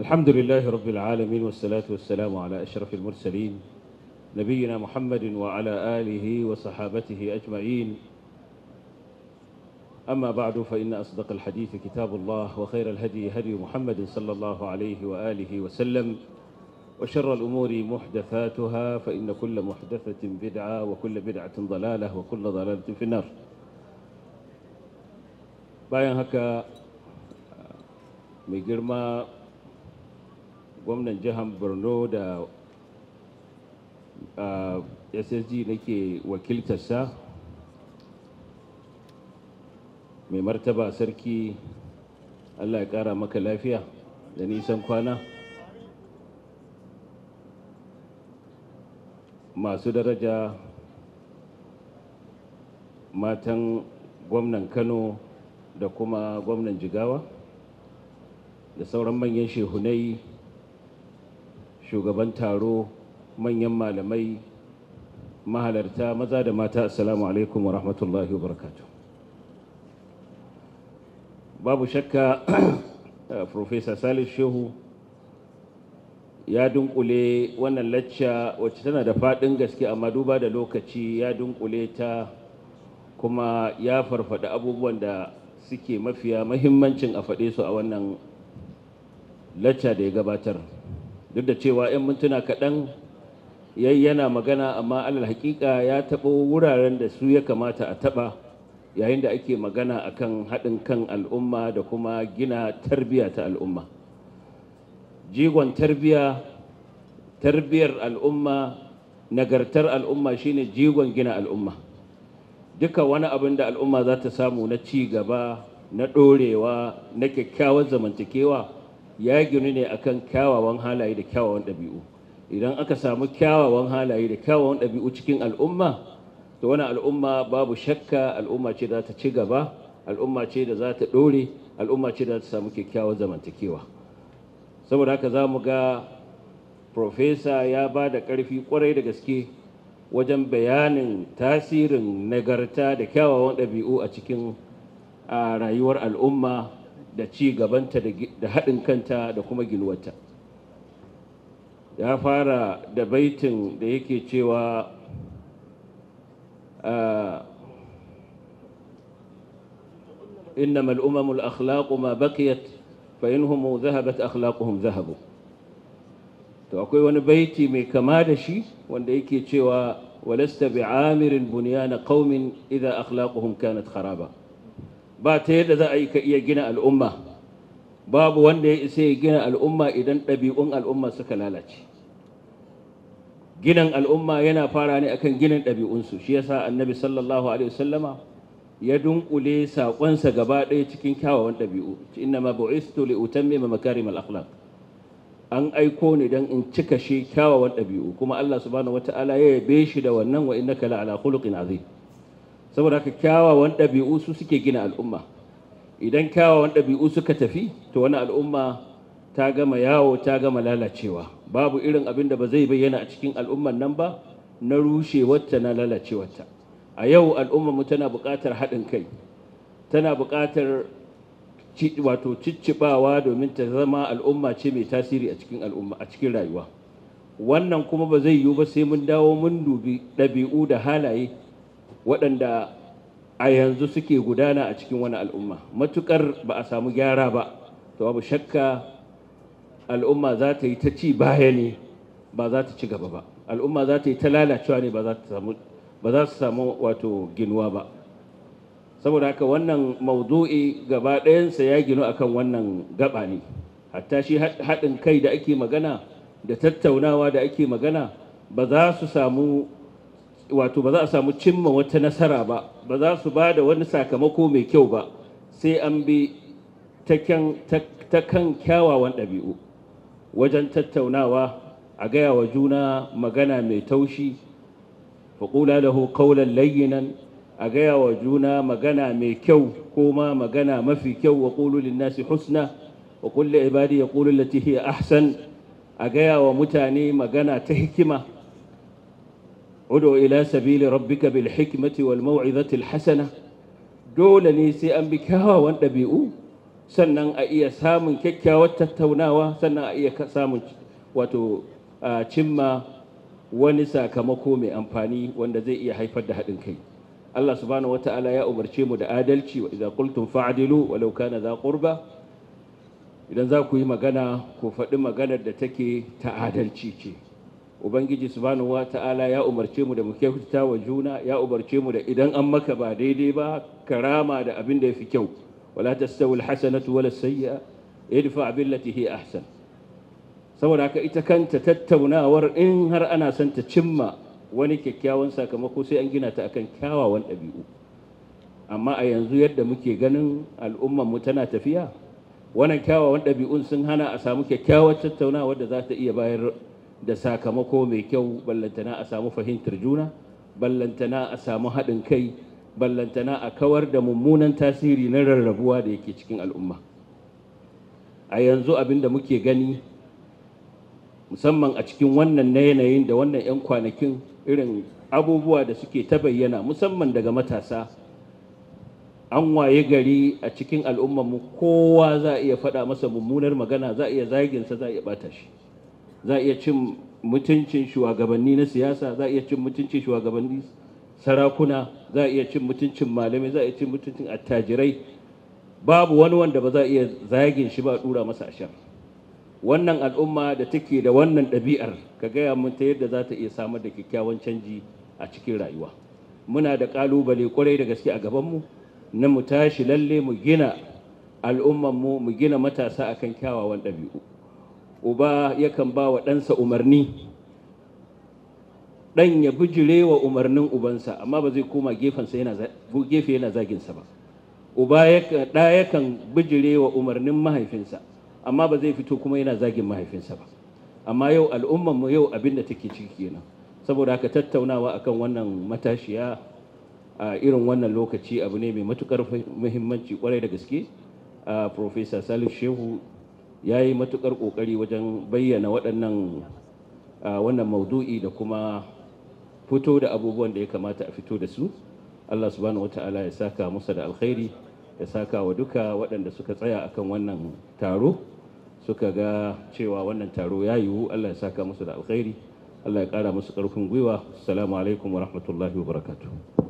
الحمد لله رب العالمين والصلاة والسلام على أشرف المرسلين نبينا محمد وعلى آله وصحابته أجمعين أما بعد فإن أصدق الحديث كتاب الله وخير الهدي هدي محمد صلى الله عليه وآله وسلم وشر الأمور محدثاتها فإن كل محدثة بدعة وكل بدعة ضلالة وكل ضلالة في النار bayan هكا mai gwamnan jihar borno da ssg nake wakiltarsa mai martaba sarki allah ya kara maka lafiya da nisan kwana masu daraja matan gwamnan kano da kuma gwamnan jigawa da sauran manyan shehunai shugaban taro manyan malamai mahalarta maza da mata assalamu alaikum wa rahmatullahi wa barakatu babu shakka uh, professor salis shehu ya dunkule wannan lacca wacce tana da faɗin gaske amma duba da lokaci ya dunkule ta kuma ya farfada abubuwan da suke mafiya mahimmancin a faɗe su a wannan lacca da ya gabatar duk da cewa 'yan mintuna kaɗan yayi yana magana amma alal haƙiƙa ya taɓo wuraren da su ya kamata a taɓa yayin da ake magana akan haɗin kan al'umma da kuma gina tarbiyya ta al'umma jigon tarbiyya tarbiyyar al'umma nagartar al'umma shine jigon gina al'umma duka wani abin da al'umma za ta samu na ci gaba na ɗorewa na kyakkyawar zamantakewa ya ginu ne akan kyawawan halaye da kyawawan ɗabi'u idan aka samu kyawawan halaye da kyawawan ɗabi'u cikin al'umma to wani al'umma babu shakka al'umma ce da ta ci gaba al'umma ce da za ta ɗore al'umma ce da ta samu kyakkyawan zamantakewa saboda haka za mu ga profesa ya ba da ƙarfi ƙwarai da gaske wajen bayanin tasirin nagarta da kyawawan ɗabi'u a cikin rayuwar al'umma da ci gabanta da haɗin kanta da kuma ginuwata ya fara da baitin da yake cewa إنما الأمم الأخلاق ما بقيت فإنهم ذهبت أخلاقهم ذهبوا to akwai wani baiti mai kama da shi wanda yake cewa walasta bi amirin bunyana qaumin idza akhlaquhum ba ta yadda za a yi ka iya gina al'umma babu wanda ya isa ya gina al'umma idan ɗabi'un al'umma suka lalace ginin al'umma yana fara ne akan ginin ɗabi'unsu shi yasa annabi sallallahu alaihi wasallama ya dunkule saƙonsa gaba ɗaya cikin kyawawan ɗabi'u inna ma bu'istu li utammima akhlaq an aiko ni dan in cika shi kyawawan ɗabi'u kuma Allah subhanahu wata'ala ya yabe shi da wannan wa innaka la ala khuluqin azim saboda haka kyawawan ɗabi'u su suke gina al'umma idan kyawawan ɗabi'u suka tafi to wani al'umma ta gama yawo ta gama lalacewa babu irin abin da ba zai bayyana a cikin al'umman nan ba na rushewarta na lalacewarta a yau al'ummar mu tana buƙatar haɗin kai tana buƙatar wato ciccibawa domin ta zama al'umma ce mai tasiri a cikin al'umma a cikin rayuwa wannan kuma ba zai yiwu ba sai mun dawo mun dubi ɗabi'u da halaye waɗanda a yanzu suke gudana a cikin wani al'umma matukar ba a samu gyara ba to babu shakka al'umma za ta yi ta ci baya ne ba za ta ci gaba ba al'umma za ta yi ta lalacewa ne ba za su samu wato ginuwa ba saboda haka wannan maudu'i gaba ɗayansa ya ginu akan wannan gaba ne hatta shi haɗin kai da ake magana da tattaunawa da ake magana ba za su samu wato ba za a samu cimma wata nasara ba ba za su ba da wani sakamako mai kyau ba sai an bi ta kan kyawawan ɗabi'u wajen tattaunawa a gaya wa juna magana mai taushi faƙula da qawlan layyinan a gaya wa juna magana mai kyau kuma magana mafi kyau wa qulu nasi husna wa qul ibadi yaqulu allati hiya ahsan a gaya wa mutane magana ta hikima udu ila sabili rabbika bil hikmati wal mau'izatil hasana dole ne sai an bi kyawawan ɗabi'u sannan a iya samun kyakkyawar tattaunawa sannan a iya samun wato cimma wani sakamako mai amfani wanda zai iya haifar da haɗin kai Allah subhanahu wata'ala ya umarci mu da adalci wa idza qultum fa'dilu walau kana za qurba idan za ku yi magana ku faɗi maganar da take ta adalci ce ubangiji subhanahu wata'ala ya umarce mu da mu kyautata wa juna ya umarce mu da idan an maka ba daidai ba karama da abin da yafi kyau wala tastawi alhasanatu wala sayyi'a idfa billati hi ahsan saboda haka ita kanta tattaunawar in har ana son ta cimma wani kyakkyawan sakamako sai an gina ta akan kyawawan ɗabi'u amma a yanzu yadda muke ganin al'ummar mu tana tafiya wannan kyawawan ɗabi'un sun hana a samu kyakkyawar tattaunawar da za ta iya bayar da sakamako mai kyau ballantana a samu fahimtar juna ballantana a samu haɗin kai ballantana a kawar da mummunan tasiri na rarrabuwa da yake cikin al'umma a yanzu abin da muke gani musamman a cikin wannan na yanayin da wannan 'yan kwanakin irin abubuwa da suke ta bayyana musamman daga matasa an waye gari a cikin al'ummarmu kowa za a iya faɗa masa mummunar magana za a iya zaginsa za a iya ɓata shi za a iya cin mutuncin shugabanni na siyasa za a iya cin mutuncin shugabanni sarakuna za a iya cin mutuncin malamai za a iya cin mutuncin attajirai babu wani wanda ba za a iya zagin shi ba dura masa ashar wannan al'umma da take da wannan ɗabi'ar ka gaya mun ta yadda za ta iya samar da kyakkyawan canji a cikin rayuwa muna da ƙalubale kwarai da gaske a gabanmu na mu tashi lalle mu gina al'ummanmu mu gina matasa akan kyawawan ɗabi'u uba yakan ba wa ɗansa umarni ɗan ya bijire wa umarnin ubansa amma ba zai koma gefe yana zaginsa ba uba ɗa yakan bijire wa umarnin mahaifinsa amma ba zai fito kuma yana zagin mahaifinsa ba amma yau al'umman mu yau abin da take ciki kenan saboda haka tattaunawa akan wannan matashiya a irin wannan lokaci abu ne mai matukar muhimmanci kwarai da gaske a professor salih shehu ya yi matukar ƙoƙari wajen bayyana waɗannan wannan maudu'i da kuma fito da abubuwan da ya kamata a fito da su allah subhanahu wata'ala ya saka musa da alkhairi ya saka wa duka waɗanda suka tsaya akan wannan taro suka ga cewa wannan taro ya yiwu allah ya saka musu da alkhairi allah ya ƙara musu ƙarfin gwiwa assalamu alaikum wa rahmatullahi wa barakatuh